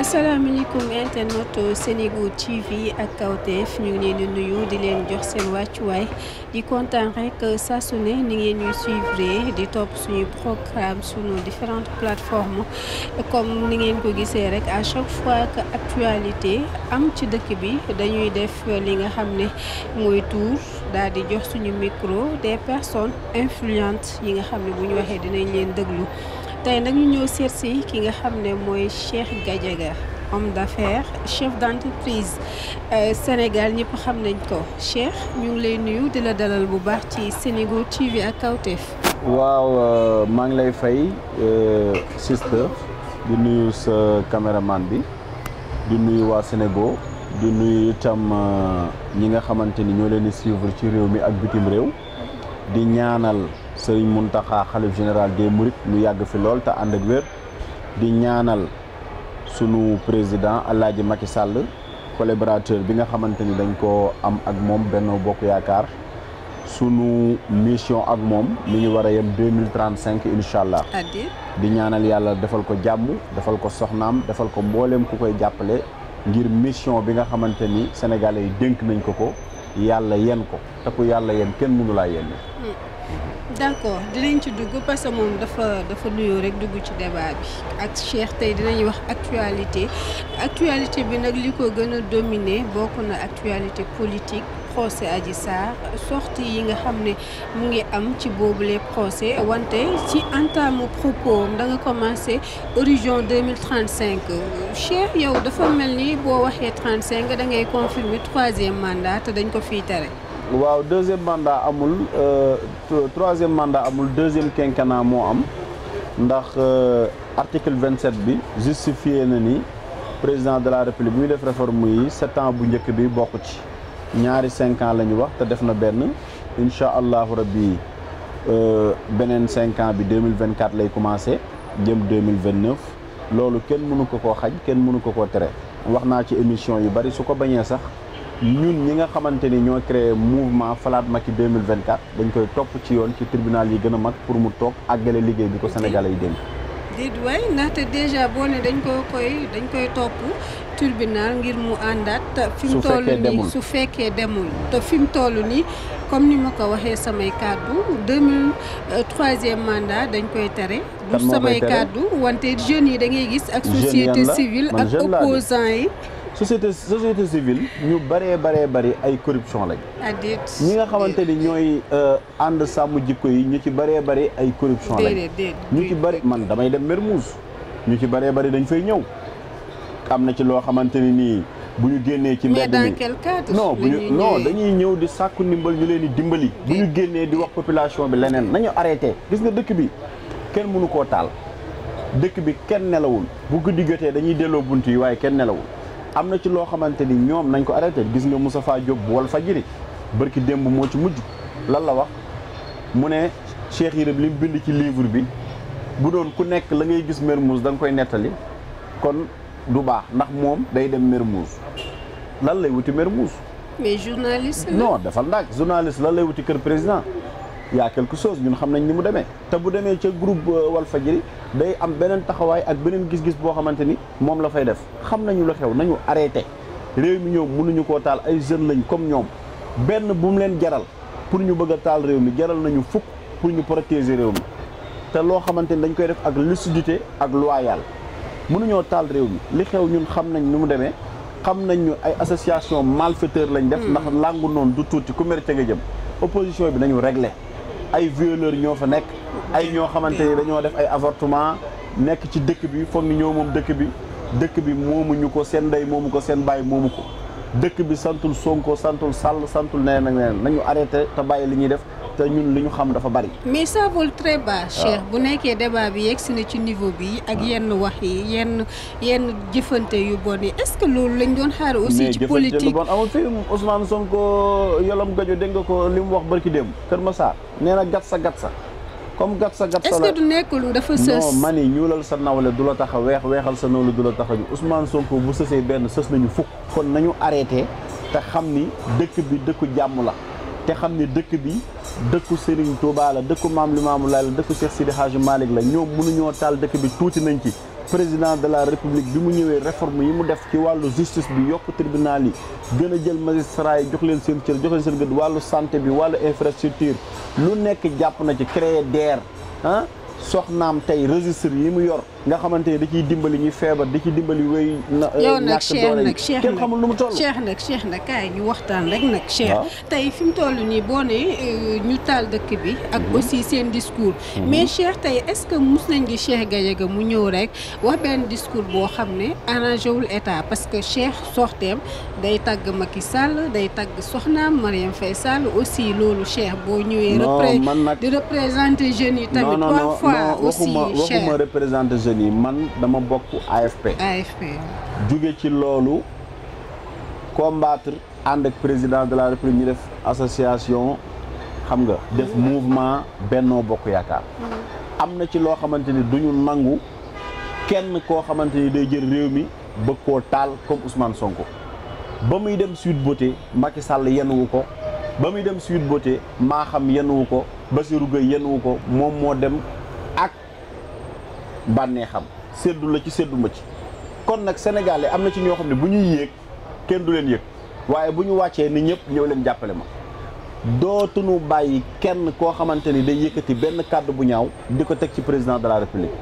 asalaamaaleykum internet Senego TV ak Kawtef ñu ngi leen di nuyu di leen jox seen wàccuwaay di kontaan rek saa ni ngeen ñuy suivre di topp suñu programme suñu différentes plateformes comme ni ngeen ko gisee rek à chaque fois que actualité am ci dëkk bi dañuy def li nga xam ne mooy tour daal di jox suñu micro des personnes influentes yi nga xam ne bu ñu waxee dinañ leen déglu. tey nag ñu ñëw seet si ki nga xam ne mooy Cheikh Gadiaga homme d'affaires chef d'entreprise euh, Sénégal ñëpp xam nañ ko Cheikh ñu ngi lay nuyu di la dalal bu baax ci Sénégo TV ak Kawtef. waaw euh, maa ngi lay fay euh, sister di nuyu sa caméraman bi di nuyu waa Sénégo di nuyu itam ñi nga xamante ni ñoo leen di ci réew mi ak bitim réew di ñaanal. Serigne Mountakha xalif général des Mourides ñu yàgg fi lool te ànd ak wér di ñaanal sunu président Alaaji Macky Sall collaborateur bi nga xamante ni dañ koo am ak moom benn Bokk Yaakaar sunu mission ak moom mi ngi war a yem deux mille trente allah. di ñaanal yàlla defal ko jàmm defal ko soxnaam defal ko mbooleem ku koy jàppale ngir mission bi nga xamante ni sénégalais yi dénk nañ ko ko. yàlla yen ko te yàlla yen kenn mënu laa yen hmm. d'accord dinañ ci dugg parce dafa dafa nuyoo rek dugg ci débat bi ak Cheikh tey dinañ wax actualité actualité bi nag li ko gën a dominer bokk na actualité politique procès aji Sarr sorti yi nga xam ne mu ngi am ci boobule procès wante ci entamu propos da nga commencé horizon 2035 Cheikh yow dafa mel ni boo waxee 35 da ngay confirmer troisième mandat te dañ ko fii tere. waaw deuxième mandat amul euh, troisième mandat amul deuxième quinquennat moo am ndax euh, article 27 bi justifié na ni président de la république bi def réforme yi sept ans bu njëkk bi bokk ci. ñaari cinq ans la ñu wax te def na benn incha allahu rabbi euh, beneen cinq ans bi 2024 lay commencé jëm 2029 loolu kenn mënu ko koo xaj kenn mënu ko koo tere wax naa ci émission yu bari su ko bañee sax ñun ñi nga xamante ni ñoo créé mouvement Falaat Macky 2024 dañ koy topp ci yoon ci tribunal yi gën a mag pour mu toog àggale liggéey bi ko sénégalais yi dénk déet waay ndaxte déjà boo ne dañ koo koy dañ koy topp tribunal ngir mu àndaat fi mu toll nii su fekkee demul te fi mu toll nii comme ni ma ko waxee samay kàddu deux mille euh, troisième mandat dañ koy tere du samay kàddu wante jeunes yi da ngay gis ak société civile ak opposant yi société société civile ñu bëree baree bari ay corruption lañ ñi nga xamante ni ñooy euh, ànd sàmm jikko yi ñu ci bëree bari ay corruption lañ ñu ci bëri man damay dem Mermoz ñu ci bëree bëri dañ fay ñëw am na ci loo xamante ni nii bu ñu génnee ci mbedd mi non bu ñu non dañuy ñëw di sàkku ndimbal ñu leen di dimbali bu ñu génnee di wax population bi leneen nañu arrêté gis nga dëkk bi kenn mënu koo taal dëkk bi kenn nelawul bu guddi jotee dañuy delloo bunt yi waaye kenn nelawul am na ci loo xamante ni ñoom nañ ko arrêté gis nga Moustapha Diop bu wal fajiri bërki démb moo ci mujj lan la wax mu ne Cheikh Yérim li bind ci livre bi bu doon ku nekk la ngay gis Mermoz da nga koy nettali kon du baax ndax moom day dem Mermoz lan lay wuti Mermoz mais journaliste non defal ndànk journaliste lan lay wuti kër président yaa a quelque chose ñun xam nañ ni mu demee te bu demee ca groupe euh, Walfadjri day am beneen taxawaay ak beneen gis-gis boo xamante ni moom la fay def xam nañu lu xew nañu arrêté réew mi ñoom mënuñu ko taal ay jeunes lañ comme ñoom benn bu mu leen jaral pour ñu bëgg a taal réew mi jaral nañu fukk pour ñu protéger réew mi te loo xamante ni dañ koy def ak lucidité ak loyal mënuñoo taal réew mi li xew ñun xam nañ ni mu demee xam nañ ñu ay association malfaiteur lañ def hmm. ndax làngu noonu du tuuti ku nga jëm opposition bi nañu réglé ay violeur ñoo fa nekk ay ñoo xamante ni dañoo def ay avortement nekk ci dëkk bi foog ni ñoo moom dëkk bi dëkk bi moomuñu ko seen ndey moomu ko seen baay moomu ko dëkk bi santul Sonko santul Sall santul neneen ak neneen nañu arrêté te bàyyi li ñuy def te ñun lu ñu xam dafa bari. mais ça vole très bas. cher bu nekkee débat bi yegg si na ci niveau bi. ak ah. yenn wax yi yenn yenn jëfante yu bon yi est-ce que loolu lañ doon xaar. aussi ci politique mais jëfante lu bon amul fi Ousmane Sonko yolam gajo dégg nga ko li mu wax barki démb Kër Massar nee na gat sa gat sa. comme gat sa gat sa la est-ce que du dafa sës. man yi ni ñuulal sa nawle du la tax a weexal sa nawle du la taxa a ñu Ousmane Sonko bu sësee benn sës nañu fukk. kon nañu arrêté te xam ni dëkk bi dëkku jàmm la te xam ni dëkk bi. dëkku Serigne Touba la dëkku maam Limaamu Laay la dëkku Cheikh Sidi Hadji Malick la ñoom mënuñoo taal dëkk bi tuuti nañ ci président de la république bi mu ñëwee réforme yi mu def ci wàllu justice bi yokk tribunal yi gën a jël magistrat yi leen seen cër jox leen seen gëdd wàllu santé bi wàllu infrastructure lu nekk jàpp na ci créer DER ah soxnaam tey registre yi mu yor nga xamante ne da ciy dimbali ñuy feebar da ciy dimbali wéy. na euh, ñàkk doole yi yow nag Cheikh nag Cheikh nag kenn lu mu toll. Cheikh nag Cheikh nag kaay ñu waxtaan rek nag. Cheikh ah. tey fi mu toll nii boo ne euh, ñu taal dëkk bi. ak mhm. aussi seen discours. Mhm. mais Cheikh tey est-ce que mus nañ gi Cheikh Gadiaga mu ñëw rek wax benn discours boo xam ne arrangé wul état parce que Cheikh sorteem day tagg Macky Sall day tagg soxnaam Marième Faye Sall aussi loolu Cheikh boo ñëwee. non man di représenté jeunes yi tamit. fois aussi cher non waxuma waxuma représenté yi man dama bokk AFP. AFP jóge ci loolu combattre ànd ak président de la république ñu def association xam nga. def mm-hmm. mouvement Benno Bokk Yaakaar. Mm-hmm. am na ci loo xamante ni duñu nangu kenn koo xamante ni day jël réew mi bëgg koo taal comme Ousmane Sonko. ba muy dem suite Sweet Beauté Macky yenn wu ko ba muy dem Sweet Beauté maa xam wu ko Bassirou Gueye wu ko moom moo dem bànnee xam seddu la ci seddu ma ci kon nag Sénégal yi am na ci ñoo xam ne bu ñuy yéeg kenn du leen yëg waaye bu ñu wàccee ni ñëpp ñëw leen jàppale ma dootuñu bàyyi kenn koo xamante ni day yëkkati benn kàddu bu ñaaw di ko teg ci président de la république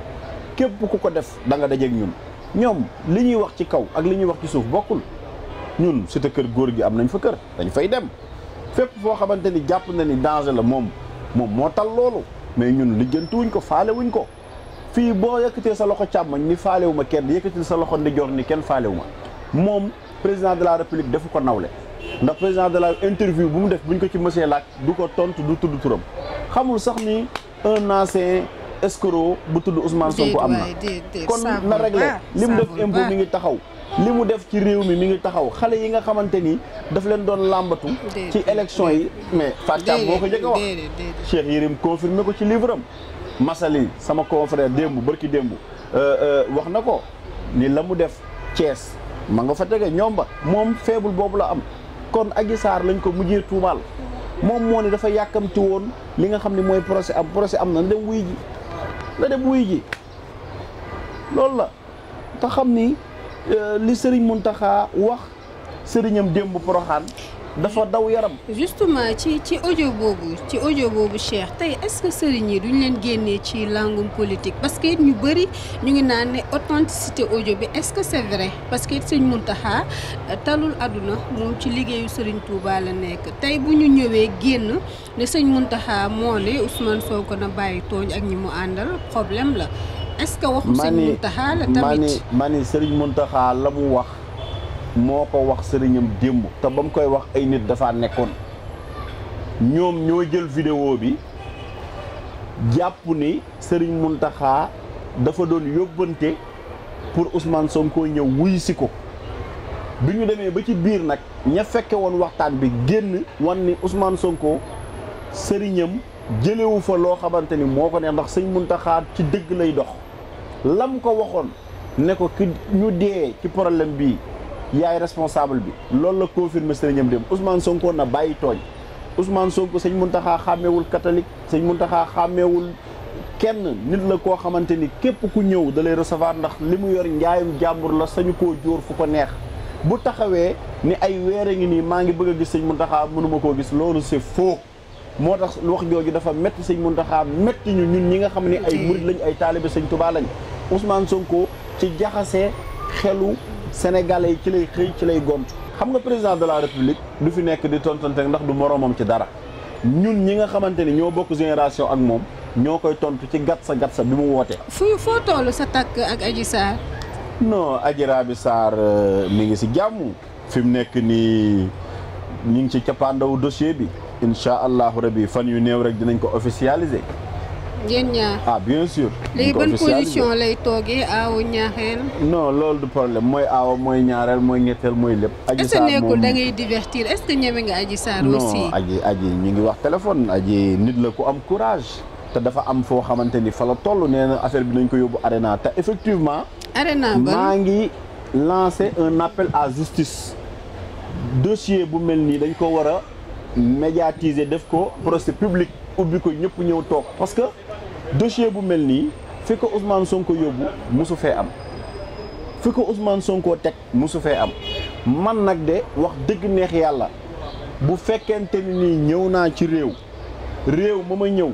képp ku ko def da nga dajeeg ñun ñoom li ñuy wax ci kaw ak li ñuy wax ci suuf bokkul ñun c'est kër góor gi am nañ fa kër dañu fay dem fépp foo xamante ni jàpp na ni danger la moom moom moo tal loolu mais ñun lijjantiwuñ ko faale ko fii boo yëkkatee sa loxo càmmoñ ni faalewu ma kenn yëkkatil sa loxo ndijoor ni kenn faalewu ma moom président de la république defu ko nawle ndax président de la interview bu mu def buñ ko ci mësee laaj du ko tontu du tudd turam xamul sax ni un ancien escroc bu tudd Ousmane Sonko am na kon na réglé li mu def impôt mi ngi taxaw li mu def ci réew mi mi ngi taxaw xale yi nga xamante ni daf leen doon làmbatu ci élection yi mais Fatou boo ko njëkk a wax Cheikh ko ci livre am Massaly sama confrère démb bërki démb euh, euh, wax na ko ni la mu def Thiès ma nga fa tege ñoom moom faible boobu la am kon Adji Sarr lañ ko mujjee tuumaal moom moo ne dafa yàkkamti woon li nga xam ne mooy procès am procès am na na dem wuy ji la dem wuy ji loolu la te xam ni euh, li sëriñ taxa wax sëriñam démb Poroxaan dafa daw yaram. justement ci ci audio boobu ci audio boobu Cheikh tey est-ce sëriñ yi duñ leen génnee ci langum politique parce que it ñu bëri ñu ngi naan ne authenticité audio bi est-ce que c'est vrai parce que it sëñ Mountakha euh, talul àdduna moom ci liggéeyu sëriñ Touba la nekk tey bu ñu ñëwee génn ne sëñ Mountakha moo ne Ousmane Sonko na bàyyi tooñ ak ñi mu àndal problème la est-ce que waxu sëñ Mountakha la tamit mani mani sëriñ Mountakha la mu wax. moo ko wax sëriñam démb te ba mu koy wax ay nit dafa nekkoon ñoom ñoo jël vidéo bi jàpp ni sëriñ Muntaxa dafa doon yóbbante pour Ousmane Sonko ñëw wuy si ko bi ñu demee ba ci biir nag ña fekke woon waxtaan bi génn wan ni Ousmane Sonko sëriñam jëlewu fa loo xamante ni moo ko ne ndax sëñ Muntaxa ci dëgg lay dox lam ko waxoon ne ko ki ñu dee ci problème bii yaay responsable bi loolu la confirmer sëriñam dem Ousmane Sonko na bàyyi tooñ Ousmane Sonko sëñ Muntaxa xàmmeewul catholique sëñ Muntaxa xàmmeewul kenn nit la koo xamante ni képp ku ñëw da lay ndax li mu yor njaayum jàmbur la sañu koo jóor fu ko neex bu taxawee ni ay weer a ngi nii maa ngi bëgg a gis mun Muntaxa mënuma koo gis loolu c'est faux moo tax wax jooju dafa métti sëñ Muntaxa métti ñu ñun ñi nga xam ne ay murid lañ ay taalibe sëñ Tuubaa lañ Ousmane Sonko ci jaxase xelu sénégalais yi ci lay xëy ci lay gont xam nga président de la république du fi nekk di tontonte ndax du moroomam ci dara ñun ñi nga xamante ni ñoo bokk génération ak moom ñoo koy tontu ci gat sa gat bi mu wootee. fu foo toll sa takk ak Adji Sarr. non Adji Raby Sarr euh, mi ngi si jàmm fi mu nekk nii ñu ngi ci cappaandawu dossier bi incha allahu rabi fan yu néew rek dinañ ko officialiser. yéen ñaar ah bien sûr. léegi ban position lay toogee aaw ñaareel. non loolu du problème mooy aaw mooy ñaareel mooy ñetteel mooy lépp. Adji Sarr moom est-ce que nekkul da est ñeme nga Adji Sarr aussi non Adji ñu ngi wax téléphone Adji nit la ku am courage. te dafa am foo xamante ni fa la toll nee na affaire bi nañ ko yóbbu arena te effectivement. arena ba maa ngi lancé un appel à justice. dossier bu mel nii dañ ko war a médiatiser def ko procès public ubbi ko ñëpp ñëw toog parce que. dossier bu mel nii fi ko Ousmane Sonko yóbbu mosu fee am fi ko Ousmane Sonko teg mosu fee am man nag de wax dëgg neex yàlla bu fekkente ni nii ñëw naa ci réew réew ma ma ñëw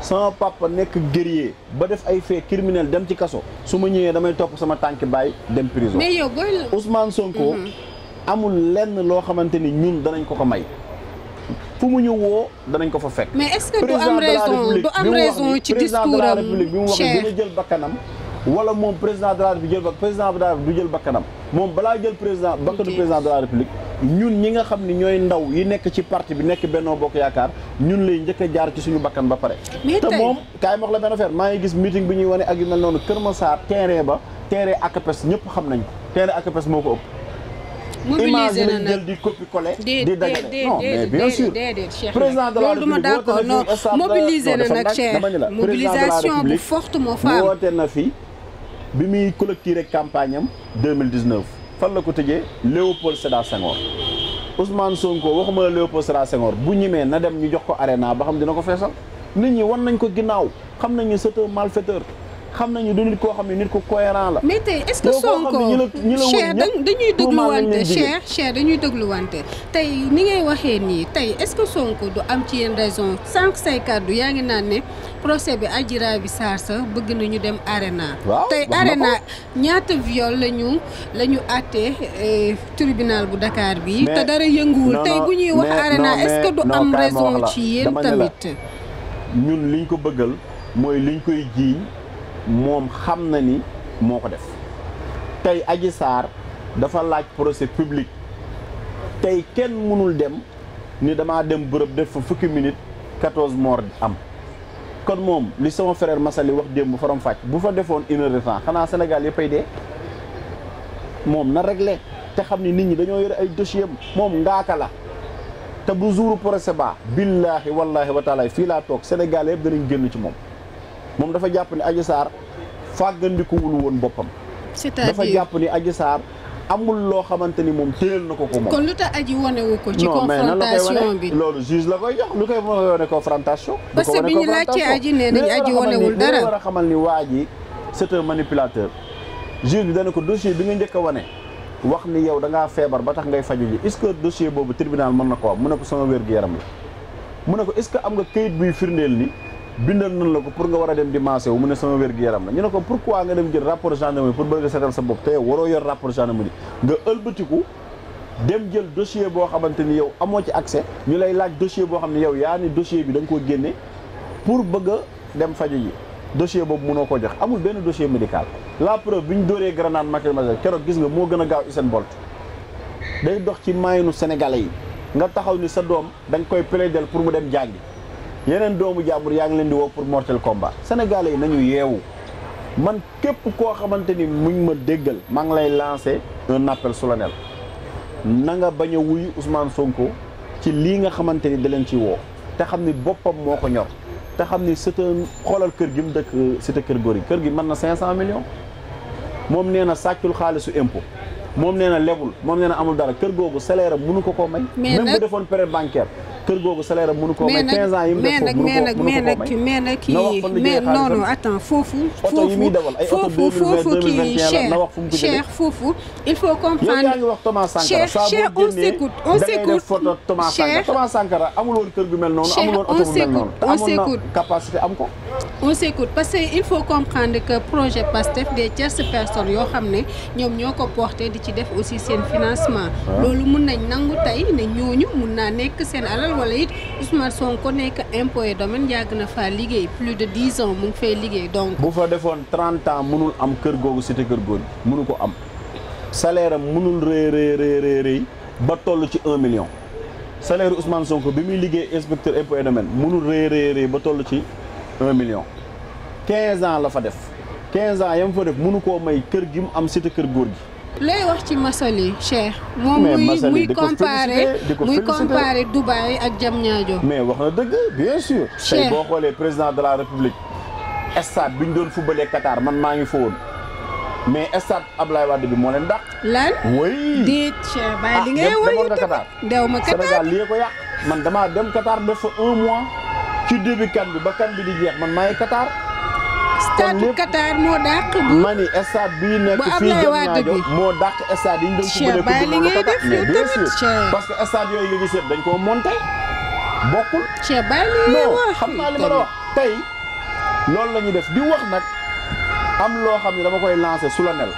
sama papa nekk guerrier ba def ay fait criminel dem ci kaso su ma ñëwee damay topp sama tànk baay dem prison mais yow mm-hmm. amul lenn loo xamante ni ñun danañ ko ko may fu mu ñu woo danañ ko fa fekk. mais est-ce que du am raison du am raison ci discours am président de la république bi mu wax dina jël bakkanam. wala moom président de la république jël ba président du jël bakkanam moom balaa jël président bakkanu président de la république. ñun ñi nga xam ni ñooy ndaw yi nekk ci parti bi nekk Benno Bokk Yaakaar ñun lay njëkka jaar ci suñu bakkan ba pare. te moom kaay ma wax la benn affaire maa ngi gis meeting bi ñuy wane ak yu mel noonu Kër Massar terrain ba tere terrain ACAPES ñëpp xam nañ ko terrain ACAPES moo ko mobilisé na nag di copier coller di dajale de la République na fi bi muy clôturer campagne am 2019 fan la ko tëjee Léopold Sédar Senghor Ousmane Sonko waxuma la Léopold Sédar Senghor bu ñimee na dem ñu jox ko arena ba xam dina ko feesal nit ñi wan nañ ko ginnaaw xam nañu c'est un malfaiteur xam nañu du koo xam ne nit ku cohérent la. mais tey est-ce que Sonko Cheikh dañuy dégluwante Cheikh Cheikh dañuy dégluwante tey ni ngay waxee nii tey est-ce que Sonko du am ci yenn raison sànq say kàddu yaa ngi naan ne procès bi Adji Raby Sarr sax bëgg nañu dem arena tey arena ñaata viol lañu la ñu àttee eh, tribunal bu Dakar bi te dara yënguwul tey bu ñuy wax arena est du am raison ci yéen tamit ñun liñ ko bëggal mooy liñ koy jiiñ moom xam na ni moo ko def tey aji Sarr dafa laaj procès public tey kenn mënul dem ni damaa dem bërëb def fa fukki minute quatorze morts am kon moom li sama frère Massaly wax démb faram fàcc bu fa defoon une heure de temps xanaa Sénégal yëppay dee moom na réglé te xam ni nit ñi dañoo yore ay dossier moom ngaaka la te bu jouru procès ba billaahi wallaahi wa taala fii laa toog Sénégal yëpp danañ génn ci moom moom dafa jàpp ni Adji Sarr fàggandikuwul woon boppam. c'est-à-dire dafa jàpp ni Adji Sarr amul loo xamante ni moom téyel na ko ko moom. kon lu tax aji wane wu ko. ci confrontation bi la koy lu koy wane confrontation. parce que bi ñu laajtee aji nee nañ aji a xamal ni waa ji c'est un manipulateur. juge bi dana ko dossier bi nga njëkk a wane wax ni yow da ngaa feebar ba tax ngay faju ji est-ce que dossier boobu tribunal mën na ko am mu ne ko sama wér-gu-yaram la mu ne ko est-ce que am nga kayit buy firndeel ni. bindal nañ la ko pour nga war a dem di maase wu mu ne sama wér-gu-yaram la ñu ne ko pourquoi nga dem jël rapport gendarmerie pour bëgg a sa bopp te yow waroo yor rapport gendarmerie nga ëlbatiku dem jël dossier boo xamante ni yow amoo ci accès ñu lay laaj dossier boo xam ne yow yaa ni dossier bi da nga koo génne pour bëgg a dem faju ji dossier boobu mënoo koo jox amul benn dossier médical la preuve bi ñu dóoree grenade lacrymogène keroog gis nga moo gën a gaaw Usain Bolt dox ci maayanu sénégalais yi nga taxaw ni sa doom da nga koy plaider pour mu dem jàngi yeneen doomu jàmbur yaa ngi leen di woo pour mortel combat sénégalais yi nañu yeewu man képp koo xamante ni muñ ma déggal maa ngi lay lancé un appel solennel na nga bañ a wuyu Ousmane ci lii nga xamante ni da leen ci woo te xam ni boppam moo ko ñor te xam ni c'est un xoolal kër gi mu dëkk cité kër góor yi kër gi mën na 500 millions moom nee na sàccul xaalisu impôt moom nee na lebul moom nee amul dara kër googu salaire mënu ko koo may. même bu defoon période bancaire. kër googu salaire am mënu ko may 15 ans yi mu def foofu mënu ko mais nag mais nag kii mais non non attends foofu foofu foofu foofu kii cher cher foofu il faut comprendre cher cher on s'écoute on s'écoute cher Thomas Sankara amul woon kër gu mel noonu amul woon oto bu mel noonu amoon na capacité am ko on s'écoute parce que il faut comprendre que projet PASTEF des tierces personnes yoo xam ne ñoom ñoo ko porté di ci def aussi seen financement ah. loolu mun nañ nangu tey ne ñooñu mun naa nekk seen alal wala it Ousmane Sonko nekk impôt et domaine yàgg na faa liggéey plus de dix ans mu ngi fay liggéey donc. bu fa defoon trente ans mënul am kër googu cité kër googu mënu ko am salaire am mënul rëy rëy rëy ba toll ci un million. salaire Ousmane Sonko bi muy liggéey inspecteur impôt et domaine mënul rëy ba toll ci un million. quinze ans la fa def quinze ans yam fa def mënu koo may kër gi mu am cité kër góor gi. looy wax ci Massaly yi Cheikh. moom muy muy comparé muy comparé Dubaï ak mais wax na dëgg bien sûr. Cheikh boo xoolee président de la république. stade bi ñu doon fubalee Qatar man maa ngi fa woon mais stade Ablaye Wade bi moo leen dàq. lan déet Cheikh Baye li ngay ah, woyu dew ma Qatar Sénégal ko yàq man damaa dem Qatar def fa un mois. ci début kan bi ba kan bi di jeex man maa ngi Qatar. stade Qatar moo dàq. ma ni stade bii nekk fii Diamniadio moo dàq stade yi ñu doon subalee. Cheikh li ngay def yow tamit parce que stade yooyu nga gisee dañ koo monté bokkul. Cheikh Baye li ngay wax non xam naa li ma la wax tey loolu la ñuy def di wax nag am loo xam ne dama koy lancé su la nel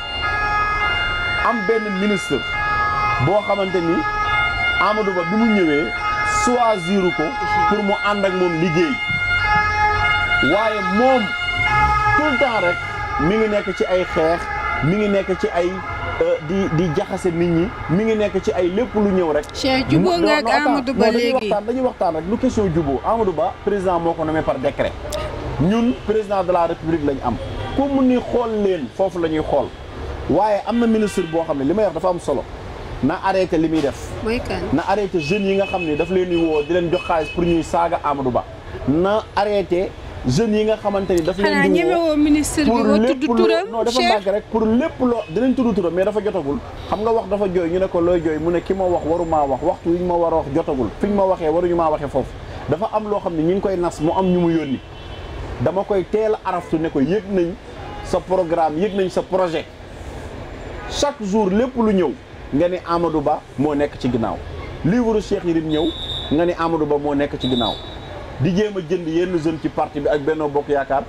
am benn ministre boo xamante ni Amadou Ba bi mu ñëwee choisir ko pour mu ànd ak moom liggéey waaye moom. tout le temps rek mi ngi nekk ci ay xeex mi ngi nekk ci ay euh, di di jaxase nit ñi mi ngi nekk ci ay lépp lu ñëw rek. Cheikh jubóo nga ak Amadou Ba léegi waxtaan dañuy waxtaan rek lu question jubóo Amadou Ba président moo ko nommé par décret ñun président de la république lañ am ku mu ni xool leen foofu la ñuy xool waaye am na ministre boo xam ne li ma wax dafa am solo na arrêté li muy def. na arrêté jeunes yi nga xam ne daf leen di woo di leen jox xaalis pour ñuy saaga Amadou Ba na arrêté. jeunes yi nga xamante ni daf leen di woo ministre bi nga tudd turam non dafa màgg rek pour lépp loo dinañ tudd turam mais dafa jotagul xam nga wax dafa jooy ñu ne ko looy jooy mu ne ki ma wax waruma maa wax waxtu yi ñu ma war wax jotagul fi ñu ma waxee waruñu maa waxee foofu dafa am loo xam ne ñu ngi koy nas mu am ñu mu yónni dama koy teel a araftu ne ko yëg nañ sa programme yëg nañ sa projet chaque jour lépp lu ñëw nga ne Amadou Ba moo nekk ci ginnaaw livre Cheikh Yérim ñëw nga ni Amadou Ba moo nekk ci ginnaaw di jéem a jënd yenn jeune ci parti bi ak Benno Bokk Yaakaar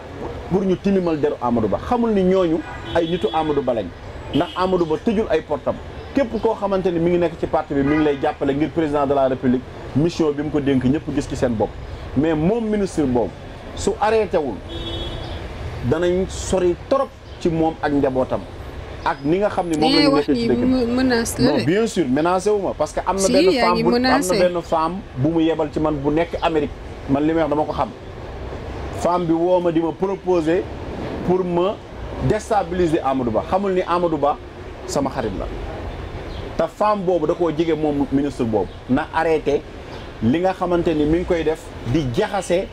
pour ñu tilimal deru Amadou Ba xamul ni ñooñu ay nitu Amadou Ba lañ ndax Amadou Ba tëjul ay portam képp koo xamante ni mi ngi nekk ci parti bi mi ngi lay jàppale ngir président de la république mission bi mu ko dénk ñëpp gis ci seen bopp mais moom ministre boobu su arrêté wul danañ sori torop ci moom ak njabootam ak ni nga xam ni moom la ñu nekkee ci dëkk bi non bien parce que am na benn femme bu am na benn bu mu yebal ci man bu nekk Amérique man li may wax dama ko xam femme bi woo ma di ma proposer pour ma destabiliser Amadou Ba xamul ni Amadou Ba sama xarit la te femme boobu da koo jege moom ministre boobu na arrêté li nga xamante ni mi ngi koy def di jaxase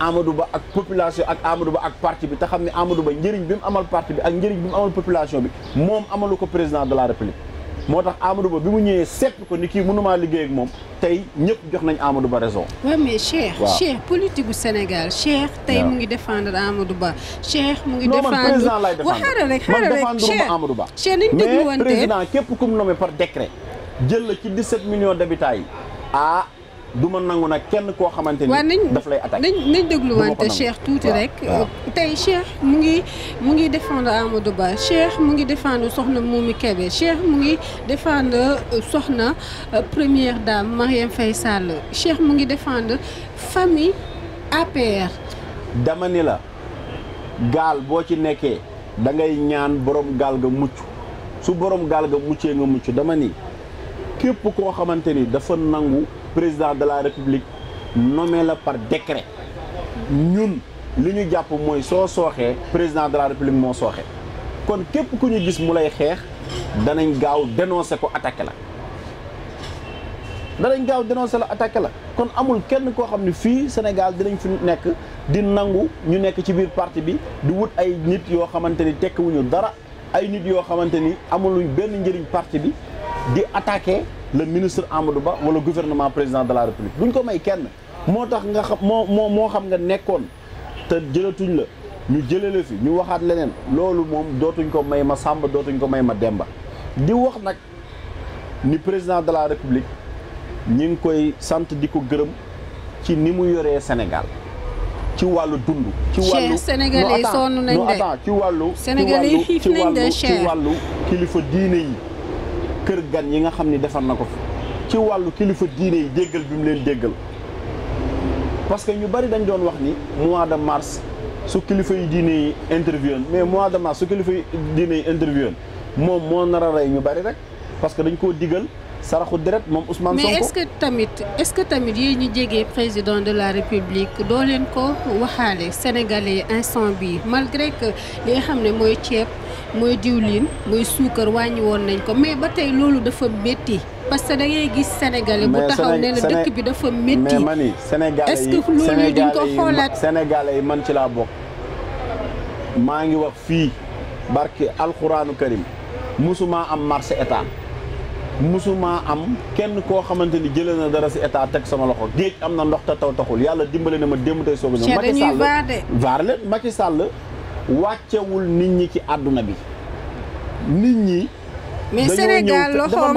Amadou Ba ak population ak Amadou Ba ak parti bi te xam ne Amadou Ba njëriñ bi mu amal parti bi ak njëriñ bi mu amal population bi moom amalu ko président de la république moo tax Amadou Ba bi mu ñëwee seet ko ni kii mënumaa liggéey ak moom tey ñëpp jox nañ Amadou Ba raison. waaw mais Cheikh. waaw Cheikh politique Sénégal Cheikh. tey mu ngi défendre Amadou Ba. Cheikh mu ngi défendre non man président laay défendre. waaw xaaral rek xaaral rek man défendre ma Ba. Cheikh nañ dégluwante mais président képp ku mu par décret. jël la ci 17 millions d'habitants yi ah. du ma nangu nag kenn koo xamante ni daf lay attaqué nañ nañ dégluwante Cheikh tuuti rek tey Cheikh mu ngi mu ngi défendre de Ba Cheikh mu ngi défendre soxna Momi Kébé Cheikh mu ngi défendre euh, soxna euh, première dame Marième fay Sall Cheikh mu ngi défendre fami APR dama ni la gaal boo ci nekkee dangay ñaan borom gaal ga mucc su borom gaal ga muccee nga mucc dama ni képp koo xamante ni dafa nangu président de la république nommé la par décret ñun li ñu jàpp mooy soo sooxee président de la république moo sooxee kon képp ku ñu gis mu lay xeex danañ gaaw dénoncé ko attaqué la danañ gaaw dénoncé la attaqué la kon amul kenn koo xam ne fii Sénégal dinañ fi nekk di nangu ñu nekk ci biir parti bi di wut ay nit yoo xamante ni tekkiwuñu dara ay nit yoo xamante ni amuluñ benn njëriñ parti bi di attaque le ministre Amadou Ba wala gouvernement président de la République duñ ko may kenn moo tax nga xam moo moo moo xam nga nekkoon te jëlatuñ la ñu jëlee la fi ñu waxaat leneen loolu moom dootuñ ko may ma Samba dootuñ ko may ma Demba di wax nag ni président de la République ñu ngi koy sant di ko gërëm ci ni mu yoree Sénégal ci wàllu dund. ci wàllu sénégalais sonn ci wàllu. sénégalais xiif ci wàllu kilifa diine yi. kër gan yi nga xam ni defar na ko fi ci wàllu kilifa diine yi déggal bi mu leen déggal parce que ñu bari dañ doon wax ni mois de mars su kilifa yu diine yi interviewen mais mois de mars su kilifa yu diine yi interviewen moom moo nara a rey ñu bari rek parce que dañ koo diggal saraxu deret moom Ousmane Sonko mais est que tamit est-ce que tamit yéen ñu jege président de la république doo leen ko waxaale sénégalais instant bi malgré que li nga xam ne mooy ceeb mooy diwlin mooy suukar wàññi woon nañ ko mais ba tey loolu dafa métti parce que da gis sénégalais bu taxaw ne la dëkk bi dafa métti mais mani sénégalais est-ce que loolu yi man ci laa bokk maa ngi wax fii barki alxuraanu karim musuma am marché état musuma am kenn koo xamante ni jële na dara si état teg sama loxo géej am na ndox te taw taxul yàlla dimbale na ma dem tey soog a ñëw. Macky Sall vaar leen Macky wàccewul nit ñi ci àdduna bi nit ñi. mais Sénégal loxoom dafa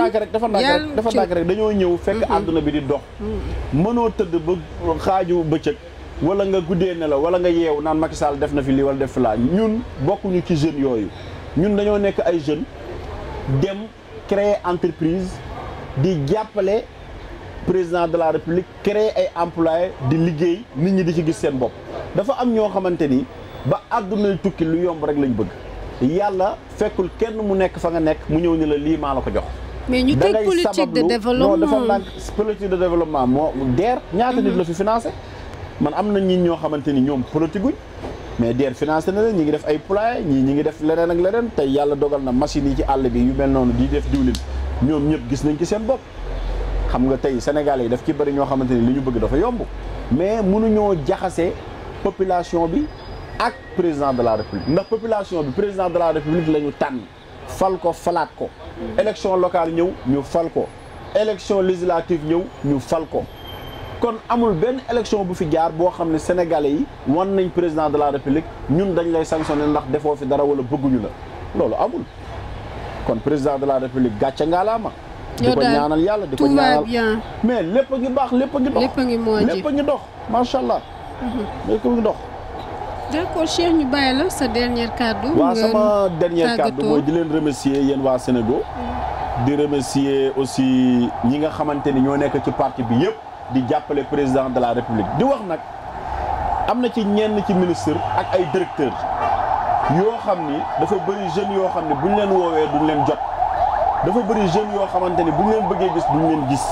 ndànk rek dafa dañoo ñëw fekk àdduna bi di dox. mënoo tëdd ba xaaju bëccëg wala nga guddee ne la wala nga yeewu naan Macky Sall def na fi lii wala def fi laa ñun bokkuñu ci jeunes yooyu ñun dañoo nekk ay jeunes dem créer entreprise di jàppale président de la république créer ay employés di liggéey nit ñi di ci gis seen bopp dafa am ñoo xamante ni. ba àddunay tukki lu yomb rek lañ bëgg yàlla fekkul kenn mu nekk fa nga nekk mu ñëw ni la lii la ko jox mais ñu teg politique de développement dafa nag politique de développement moo DER ñaata nit la fi financé man am na ñi ñoo xamante ni ñoom politique mais DER financé na leen ngi def ay poulailler ñii ñi ngi def leneen ak leneen tey yàlla dogal na machines yi ci àll bi yu mel noonu di def diwlin ñoom ñëpp gis nañ ci seen bopp xam nga tey Sénégal yi daf ci bëri ñoo xamante ni li ñu bëgg dafa yomb mais mënuñoo jaxase population bi ak président de la république ndax population bi président de la république la ñu tànn fal ko falaat ko élection locale ñëw ñu fal ko élection législative ñëw ñu fal ko kon amul benn élection bu fi jaar boo xam ne sénégalais yi wan nañ président de la république ñun dañ lay sanctionné ndax defoo fi dara wala bëgguñu la loolu amul kon président de la république gàcce ngaalaama di ko ñaanal yàlla di ko ñaanal mais lépp ngi baax lépp a ngi dox lépp a dox macha allah mhm. lépp a dox d'accord Cheikh ñu bàyyi la sa dernière kàddu. waaw sama dernière kàddu mooy di leen remercier yéen waa Sénégal. Mm. di remercier aussi ñi nga xamante ni ñoo nekk ci parti bi yëpp. di jàppale président de la république di wax nag am na ci ñenn ci ministre ak ay directeur yoo xam ni dafa bëri jeunes yoo xam ne buñ leen woowee duñ leen jot dafa bëri jeunes yoo xamante ni buñ leen bëggee gis ñu leen gis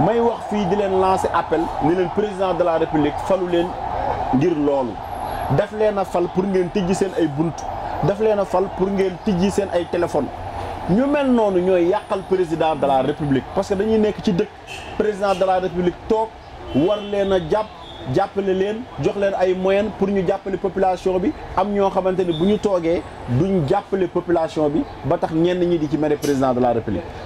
may wax fii di leen lancer appel ni leen président de la république falu leen ngir loolu daf leen a fal pour ngeen tijji seen ay bunt daf leen a fal pour ngeen tijji seen ay téléphone ñu mel noonu ñooy yàqal président de la république parce que dañuy nekk ci dëkk président de la république toog war leen a jàpp jàppale leen jox leen ay moyens pour ñu jàppale population bi am ñoo xamante ni bu ñu toogee duñu jàppale population bi ba tax ñenn ñi di ci mere président de la république